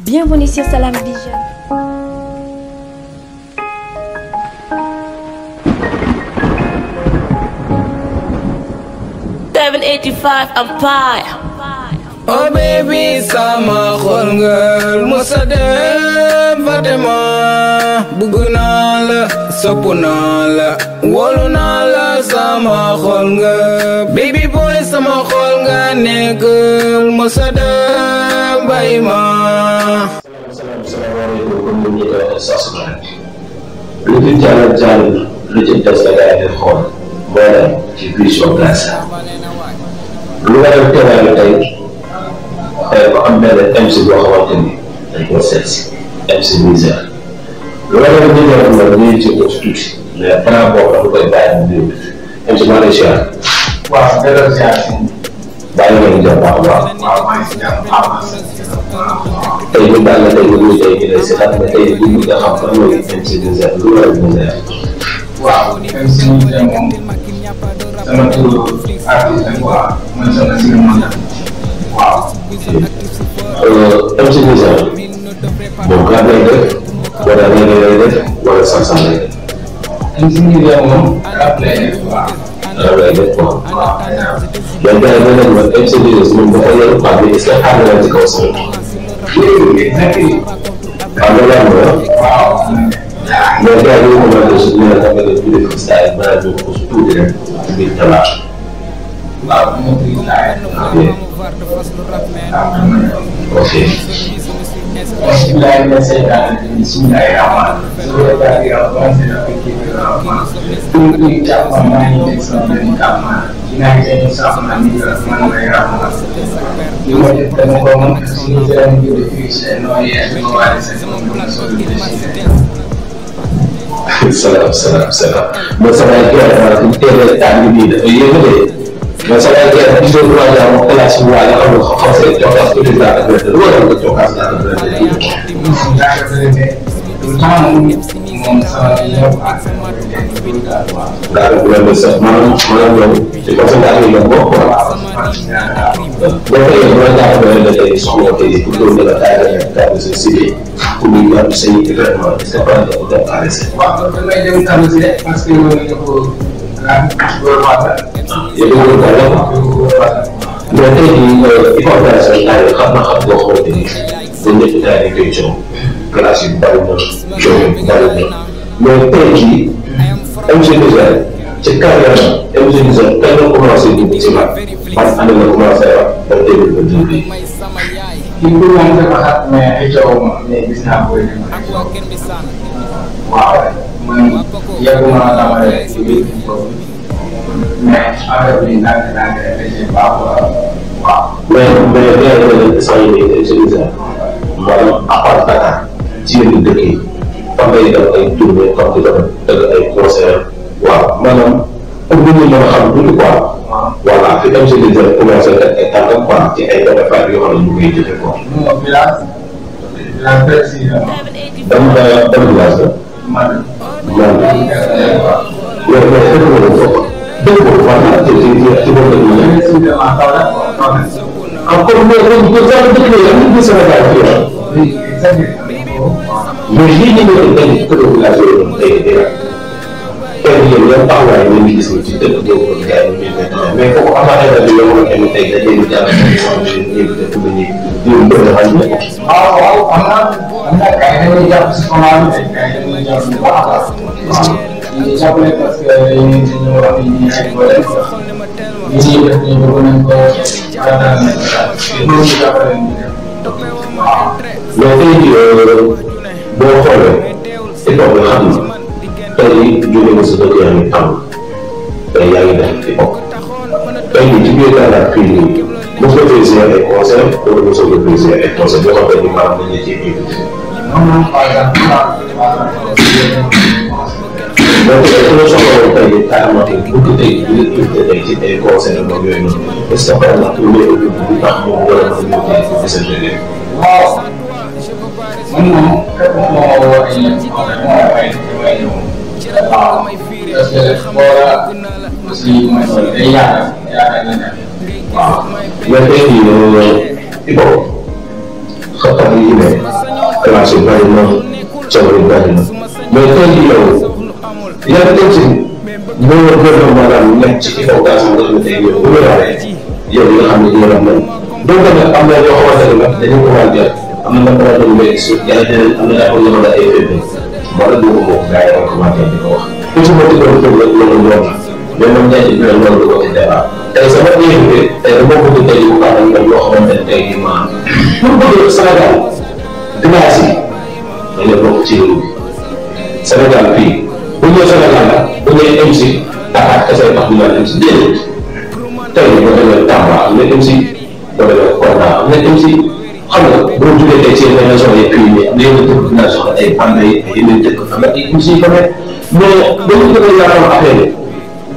Bienvenue sur Salam Vision. oh baby sama xol nga musa dem Fatima bëgg naa la sopp naa la wolu naa la sama xol nga nekk Moussa Mbaye ma. salaamaaleykum comme ni ñu ko saa lu fi jàll jàll lu ci des la gars yi xool moo dem ci prison Gaza lu waral teewaayu tey tey ba am benn MC boo xamante ni dañ ko seet si MC Misère lu waral ñu ñëw nag ñu ci ko tuuti mais balaa boobu dafa koy bàyyi mu déglu MC maa ngi lay ziar. waaw dëgg la ziar. baa ngi leen di jox baax a baax. waaw maa ngi si jàmm baax a baax. tey ñu daal la tey ñu ngi tey ñu lay si xam nga tey ñu ngi xam fan mooy MC Nizer lu waral Nizer. waaw MC Nizer moom sama tur artiste quoi man sama si Monda. waaw. Euh, MC Nizer moom kan lay def wala leneen lay def wala sax sax lay def. MC Nizer moom rap lay def waaw. rabaiyatwa yadda ya zama da ɗanci da su da ɗanyar kwabe da sai har da jika wasu a gaba mu yadda ya zama da su ne da taɓa da su da kusa a ba da wasu su da bai taba Okay. bismillahi mina seytaani rajiim bismillahi rahmaani rahiim salaam salaam salaam man sa yaay jeex bi soo waa jàmm xalaat si waa nga xamul xam see jokaas ko dèjà ak bële lu waral nga jokaas naa ak bële day yëg. daal bu leen di sax maanaam maanaam loolu ci pourcentage yi yomb quoi. boo ko yëg boo jàpp bële da ngay soxla tey pour loolu dina taay da ngay taay sa si biir pour ñu yàgg say traitement est-ce que par exemple da nga arrêté. waaw loolu damay dem tamit parce que 也就是国内嘛。那对于呃一般来说，大家看到很多后面，人家不在那个中，格拉西带领的，球员带领的，那对于 MC 的人，这干了 MC 的人，干了不老实，你起码，把安德烈不老实了，那对于人家的。ki ko moom sama xat mais ay coow ma mais gis naa ko waaw man yegguma la tàmbale ci biir ko mais affaire bi ndànk ndànk rek da cee baax waaw. mais mais léeg-léeg soo yëgee utiliser maanaam apport data ci yenn dëkk yi fan lay def ay tournée comme di def dëgg ay concert waaw maanaam pour nit ñi mën a xam tuuti quoi. voilà fi tam si di jël commencé def ay tànkam quoi ci ay bénéfices yoo xam ne ñu koy jëfee quoi. village. village précis. dem village la. man yow yow dëkk nga doon foofu dëkk boobu war naa ci ci ci boobu la ñu mën a. encore mais loolu bu soobee dëkk la yàlla bu Sénégal bi yor. mais lii ñu doon dañ ko doon laaj yow doon tey day am. tey jii yow taxawaay ñu ngi gis ci dëkk boobu doon gars yi ñu mais kooku amaatee la yow nga xam ne tey dañ leen di jàllale ñu wax ñu ñu dëkk ba ñu ñu bëgg a xam ne. waaw waaw am na. ndax gars yi dañuy jàpp si commande bi gars yi dañuy jàpp bu baax a baax. ñu jàppale parce que dañuy dañoo wax ni ñu ay doole ñu ñuy def nii bëgg nañ ko gàttal nañ ko daal loolu ñu jàppale ñu def. waaw. mais tey jii boo xoolee hip-hop bi xam na tey jóge na si dëkk yaa ngi am tey yaa ngi def hip-hop tey jii ci biir daanaka fii nii mos nga fay ay conseils wala mos nga fay ay conseils yoo xam ne maanaam dañ la ciy invité donc tey soo ko tey carrément tey bu ko tey tey ci ay conseils ak yooyu noonu est-ce que par exemple lu tax moom war a mën a ñëw tey ci waaw man moom képp ku ma woo ay ay ay waaw parce que boora aussi mooy loolu day yaakaar yaakaar nga nekk. waaw mais tey jii classe bari na jamono bari na mais tey jii yow yan dëkk boo war a gërëm maanaam nekk ci kaw gaz bi nga xamante ne yow bu ñu laalee yow nga xam ne yow am nañu donc nag am na yoo xamante ne nag dañu ko war a jël am na nag rajo bu nekk si yàlla dinañ am na ay yoo xam ne ay bébé wala du ko moom gars yi war a commencé di ko wax. ku ci mën di ko def rek loolu ñor na mais man jaay bi dina loolu ko ci débat tey sama invité tey dama bëgg tey bu baax a ñor yoo xamante ne tey jii maanaam pour bëgg Sénégal village yi dañoo bokk ci réew mi Sénégal fii bu ñëw Sénégal la bu ñëwee MC Dakar kese tax ñu naan MC déedéet tey boo demee Tamba am na MC boo demee Kolda am na MC xam nga boo jugee tey ci yeneen région yi pays yi am na yeneen dëkk dinaa soxla ay Bambey ay yeneen dëkk am na ay MC yu fa nekk mais dañu gën a yaatal affaire yi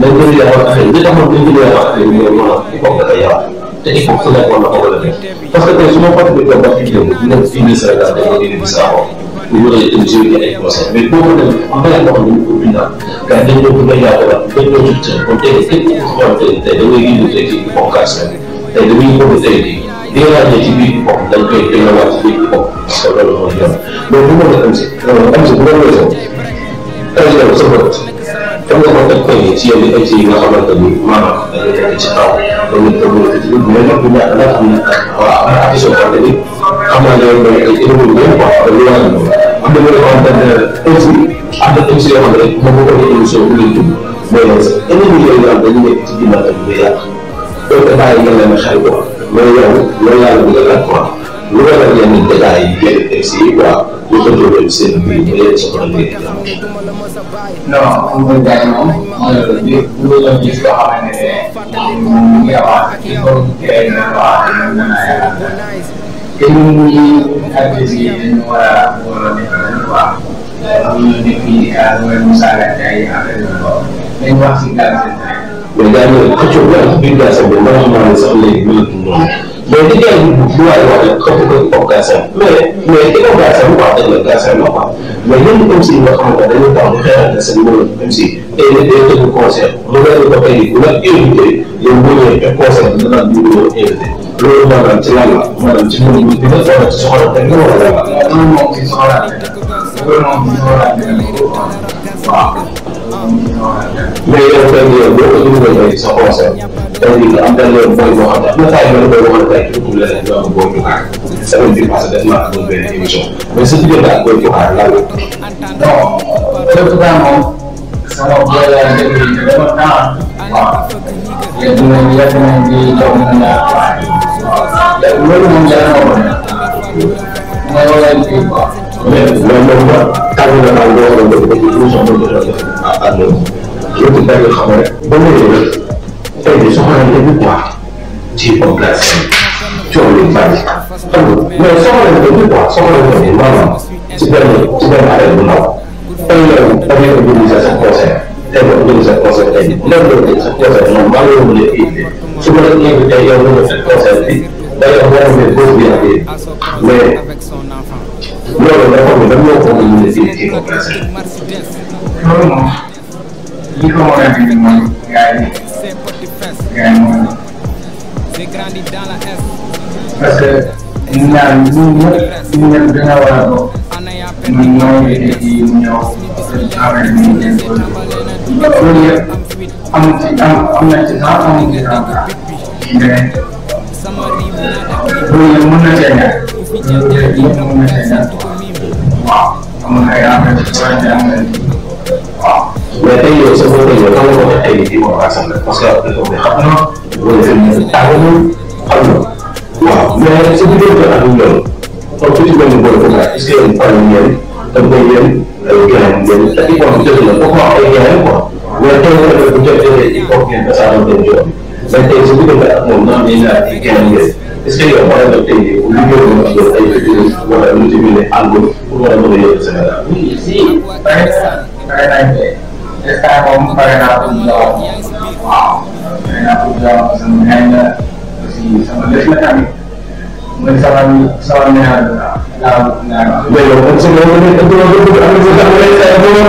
nañ gën a yaatal affaire yi li taxoon dañ gën a yaatal affaire yi mooy maanaam il faut que da te il faut que nekk war na ko war a def parce que tey su ma fàttali ko mbokku jiw bi nekk fii nii Sénégal dañoo indi di saako pour ñu lay dem jëriñu ay conseils mais boo ko defee am na ay waxuñu pour bindal gars dañ doon bëgg a yaatuwaat dañ doon jub seen kon tey képp ku xool tey tey da ngay gindi tey kii bopp kaas la tey da ngay bëgg tey kii di nga laajee ci biir bopp dañ koy tegawaat ci biir bopp parce que loolu mooy yoon mais bu ma la am si am si bu ma la am si am si te nga ko teg ko nii ci yenn ay ci yi nga xamante ni maanaam dañuy nekk ci taw dañuy tëbul ci biir mais nag bu ñàkk nag am na waaw am na action xamante ni xam naa ne mooy ay énebul bi quoi dañu war a ñëw am na yoo xamante ne aussi am na émission yoo xam ne moom moo koy émission bu leen tudd mais énebul yooyu nga am dañu nekk ci ginnaaw bi day yàq donc bàyyi nga leen xel quoi mais yow loolu yàlla bi nga laaj quoi lu waral yenn détails yi ngeen teg si quoi bu xëccoo seen biir ba yéen soxla ngeen jàmm. non Koungheul Ndiaye moom mooy loolu lépp lu la gis loo xamante ne moom mu ngi avancé ci kaw tey na avancé ñun dana yaakaar te ñun ñii artistes yi dañu war a war eh? a nekk dañu wax am na nit ñi daal mooy Moussa Ndiaye affaire yu ko dañu wax si gàllankoor. mais gars yi xëccoo bi ak biir gàllankoor bi nga xam ne sax léegi mënatu noonu. mais li ngay duwaay wax rek xëpp ko comme Galsen mais mais ki ko Galsen wax dëgg la Galsen la quoi mais ñun comme si nga xamante ne dañuy taw di xeexante seen mbooloo même si tey nag day tëgg concert mu nekk ba tey bu la invité yow boo ñëwee fekk concert bi dana ñu doon invité loolu maanaam ci lan la maanaam ci mbirum bi nga doon ci soxla te nga war a lan la. loolu moom ci soxla loolu moom ci soxla waaw. mais yow tey yow boo ko dugalee sa concert dafa nekk am benn yoon booy boo xam ne am na taay yoon booy boo xam ne ay tur la nekk yoon booy joxaar semaine bi passé def naa ko benn émission mais sa diggante ak booy joxaar lan la. non képp daa moom sama booy laa déglu ñu dama temps waaw yàgg nañ yàgg nañ di jox ñu ne waaw loolu moom dara ma woon mooy wala kii quoi. mais loolu moom la tànn na daal boo war a bëgg ba ci émission boobu la ko def à à l' heure yëpp da nga xam rek ba mu ne soxlante bi quoi ci population bi coow li bari xam nga mais soxlante bi quoi soxlante bi maanaam ci benn ci benn affaire bu ndaw tey yow da ngay organiser sa concert tey nga organiser concert tey même loolu sa concert moom maa ngi mën a invité su ma la invité yow nga def concert bi da ngay war a mën bés bi ak yéen mais loolu dafa am dañoo ko mën a ci population loolu moom li ko war a dindi mooy gars yi gars yi moom parce que ñaar ñun ñëpp ñu ñëpp dañoo war a bokk ñun ñoo yëkkati ci ñëw affaire bi ñu jënd ko loolu yëpp am ci am am na ci sax am ci sax mais loolu yëpp mën na cee ñàkk loolu yëpp mën na cee ñàkk waaw amul ay affaire yu war a jàngal mais tey yow sa bopp yow dama ko def ay nit yi moom asam la parce que dafa may xam na wala fi mu nekk taxawul xam na waaw mais si diggante ak ñoom kon ku ci mel ni boole ko est ce que yéen fan ngeen dem ba yéen gërëm ngeen te il faut que jot na foofu wax ay gërëm quoi mais tey nga def bu jot jotee il faut ngeen tasaaroo dem yoon mais tey si diggante ak moom naan ñu naan ay gërëm ngeen est ce que yow war na tey jii lu jot na ak yow ay gërëm wala lu ci mel ni ànd pour war a mën a yóbbu Sénégal. oui si par exemple par exemple instant moom pare naa ko waaw pare naa ko sama yaay la aussi sama bés la tamit man sama sama mère la laa mais yow man sama yow man dama bëgg am na sa bëgg a dama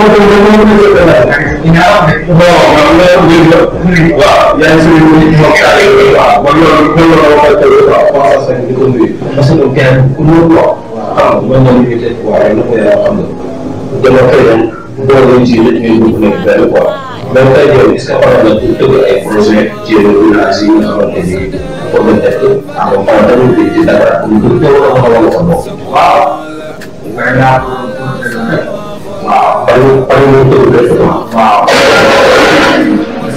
bëgg a dama bëgg a dama waaw yaa ngi suñu mbokk daal waaw man loolu loolu la wax dëgg waaw commencé di conduire parce que kenn ku mu wax waaw man loolu ñu ngi teg waaye na ko yaa xam ne dama koy boole leen ci yéen ñooy ñëpp nekk benn quoi donc tey jii est-ce que xoolal na pour tëgg ay projet ci yenn villages yi nga xamante ni pour nga def ko en tout cas dañu koy ci dara pour pour teewul a mën a wàllu sa bopp. waaw. ngay naa pour pour tëgg rek. waaw par par ñu tëgg rek quoi. waaw.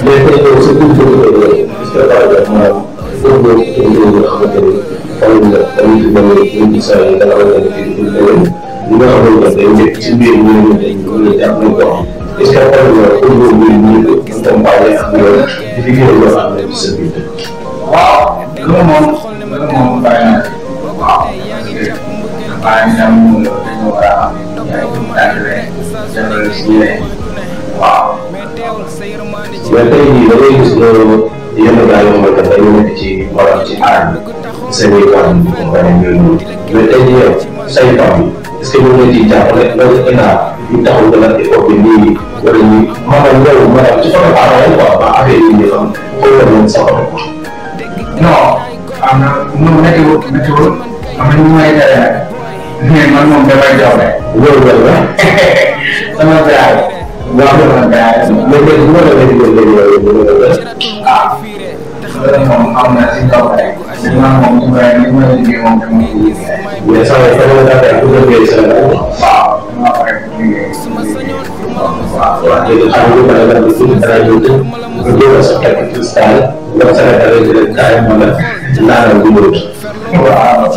mais tey jii aussi pour tëgg rek rek est-ce que par exemple moom pour nga tëgg rek nga xamante ni par exemple dañuy tëgg rek ñu gis ay dara nga xamante ni pour tëgg rek. li nga xam ne day njëkk ci biir ñu ne ñu jàpp nañ ko am est-ce que xam nga pour nga mën ñu ko accompagner ak loolu di liggéey loo xam ne sa biir dëkk. waaw loolu moom loolu moom bàyyi na waaw bàyyi na mu dañoo war a yaay bu mu tàggalee jëndal si ñeneen waaw. mais tey jii da ngay gis loolu yenn gars yi moom la dañoo nekk ci maanaam ci aar bi. Sénégal bi ba pare ñooy ñëw mais tey jii yow saytaw bi est-ce que ñoo ngi ciy jàppale loolu état ñu taxaw gën a écopé nii wala ñuy maanaam loolu maanaam ci côté parent quoi ba affaire yi ñu xam xool la leen sa bopp. non am na ñoom météo météo am na ñu may tere nag mais man moom damay jox rek. loolu la la sama gars yi. waaw sama gars yi. mais léegi bu ma la météo léegi yow ah. loolu moom am na si kaw rek man moom li ma li ma liggéey moom dama ciy liggéey. mais sama sama dafay bu liggéey sa la. waaw dama pare bu liggéey liggéey. waaw waaw léegi xam nga lu ma la gis dara jóg nga jóg sa kër cristal nga sa kër rek kaay ma la naanal bu ñëw. waaw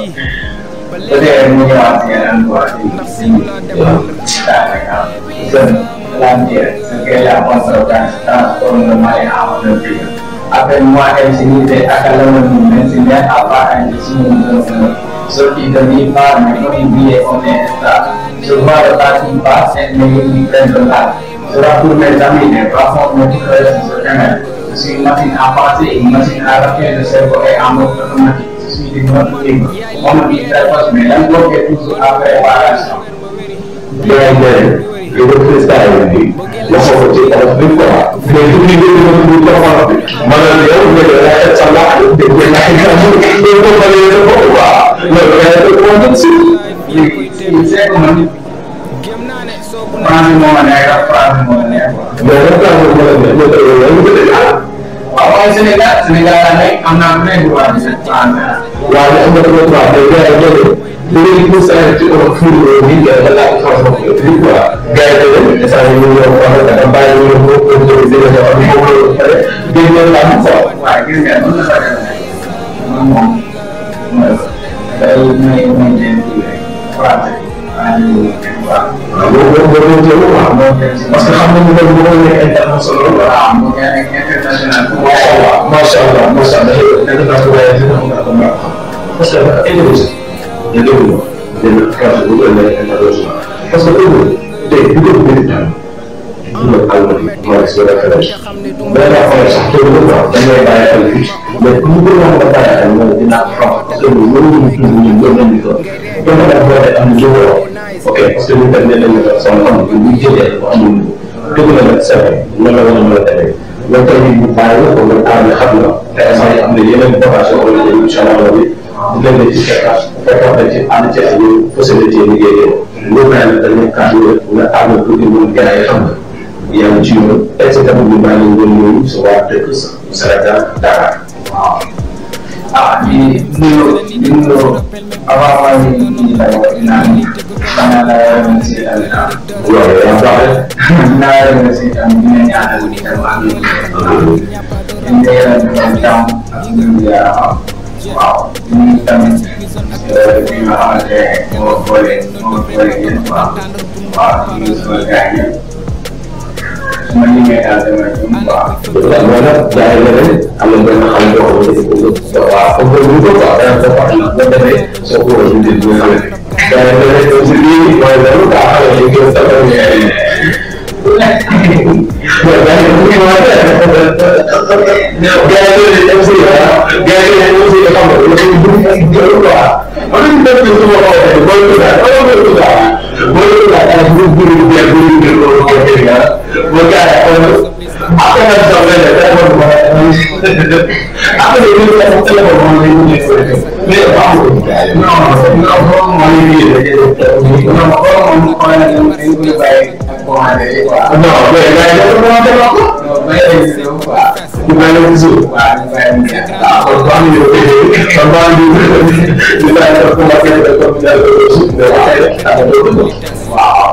peut-être mu ñëwaat si yeneen quoi si waaw daanaka seen lan kii rek sa kër yaa conservateur temps pour nga may amal na biir. Après moi, elle s'est à Calonne, maintenant à part un petit monde. Ce qui devient par mes contribués et on est là. Je vois le parti par cette mairie qui prend de là. Je retourne mes amis, les plafonds me creusent sur eux-mêmes. Je suis une machine à passer, une machine à remplir le cerveau et en mode automatique. Je suis une mode libre. On me dit très proche, mais l'enveloppe est toujours après variation. Bien, bien. Je vous fais ça, je vous dis. Je vous fais ça, je vous dis. Je vous fais ça, je vous dis. manera boba, lo que reconoce y dice como ప్రాణము అనేక ప్రాణము అనేక అవ్వాల్సినగా నిగారని అన్నామే వాడిని చెప్తాను వాళ్ళు ఎందుకు problem Diriku saya itu orang kiri ini adalah orang kiri gua. Gaya itu saya ini orang orang kata bayi orang orang itu itu dia orang orang dia orang orang. Dia orang orang. Akhirnya mana saya. parce que xam nañu ne bu ñu nekk international waaw mu nekk international. macha allah macha allah dafay dafay waaye dina ko mën a mën a xam. parce que Indonésie dina déglu dina kàddu bu gën a nekk international. parce que Indonésie tey bu dee bu dee daal dina am na Maroc si la xelal. benn affaire sax tey bu baax dañ lay bàyyi xel fii. mais bu ñu gënoon ba pare rek mooy dinaa ko xam parce que mënuñu tudd ñun ñoom lañu ko gën a def boo am lu ok parce que ñu dem ne lañu def sama xam bu ñu jëlee ko amul dëgg la nag c'est vrai noonu la war a mën a demee loolu tamit bu bàyyi ko loolu aar bi xam na te instant yi am na yeneen formation wala yeneen incha allah bi di leen di ci fekkaat fekkaat na ci ànd ci ay possibilité liggéey yow loolu naa ne dañu kàddu nga aar na pour ñu gën a xam yaa ngi ci yoon et cetera ñu bàyyi leen doon ñëw sa waa dëkk sa Sénégal Dakar waaw ah di nuyu di nuyu avant maa ngi nuyu laaj bi naan xanaa naa yore na si tamit ah. loolu la ñu doxee. naa yore na si tamit ñu ne ñaanal di dem ak ñu ne yàlla defal jàmm ak ñu yaram waaw di nuyu tamit di nga xamante ne moo boole moo boole yéen quoi waaw di nuyu sama gars yi man li ngay daal demee noonu waaw. waaw mooy nag jaay la ren am na benn xam boo xam ne dafa ko waaw comme que bu ñu ko waaw da nga ko wax ndax boo demee soo ko war a dundee du nga xamante. jaay la ren aussi lii mooy loolu daa xam ne ñu ngi ko Boleh juga, boleh juga, boleh juga. Kalau boleh juga, kalau boleh juga, kalau boleh juga, loolu mooy njëriñ ah boo jaaree xool après nga jox leen rek téléphone bu baax après nga jël téléphone téléphone moom la ñu mun a jëfandikoo mais ba amul non non non moom la ñuy jëlee non non moom xool na ñu dañu koy bàyyi commandé quoi non mais gars yi dafa commandé ba ko mais quoi ñu bàyyi la toujours waaw ñu bàyyi mu jeex waaw kon boo xam ne yow kon boo xam ne yow ñu bàyyi la commencé comme daal waaw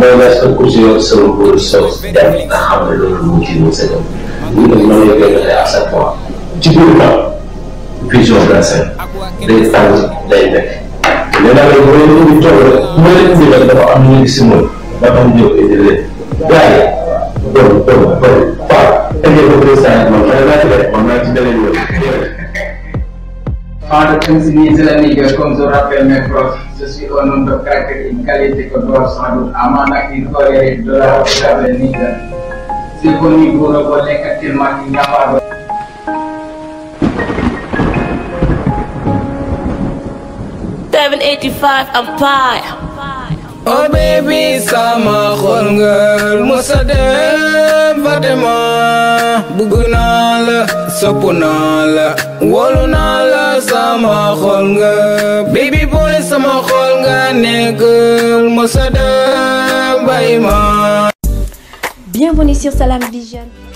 mooy nga est-ce que ku si yor solo pour sos dem nga xam ne loolu moo ci mos a dem ñu ne ñoom ñoo koy joxe à chaque fois ci biir temps vision français day tàng day nekk mais nag bu dee ñu ngi toog rek mooy leen ñu nag dafa am ñu gis mooy dafa am ñëw indi leen gars yi bon bon bon waaw indi ko président yi man xëy naa ci rek man naa ci dalee ñëw. Fin de sensibiliser les comme je rappelle mes profs. suis un homme de caractère et une qualité que doit sans doute à man ak une colère de la table Niger. C'est connu pour le volet actuellement incapable. Seven eighty five Empire. Oh baby sama xol nga musa dem Fatima bëgg naa la sopp naa la wóolu naa la sama xol nga baby boy sama xol nga nekk mosada bay ma bienvenue sur Salam Vision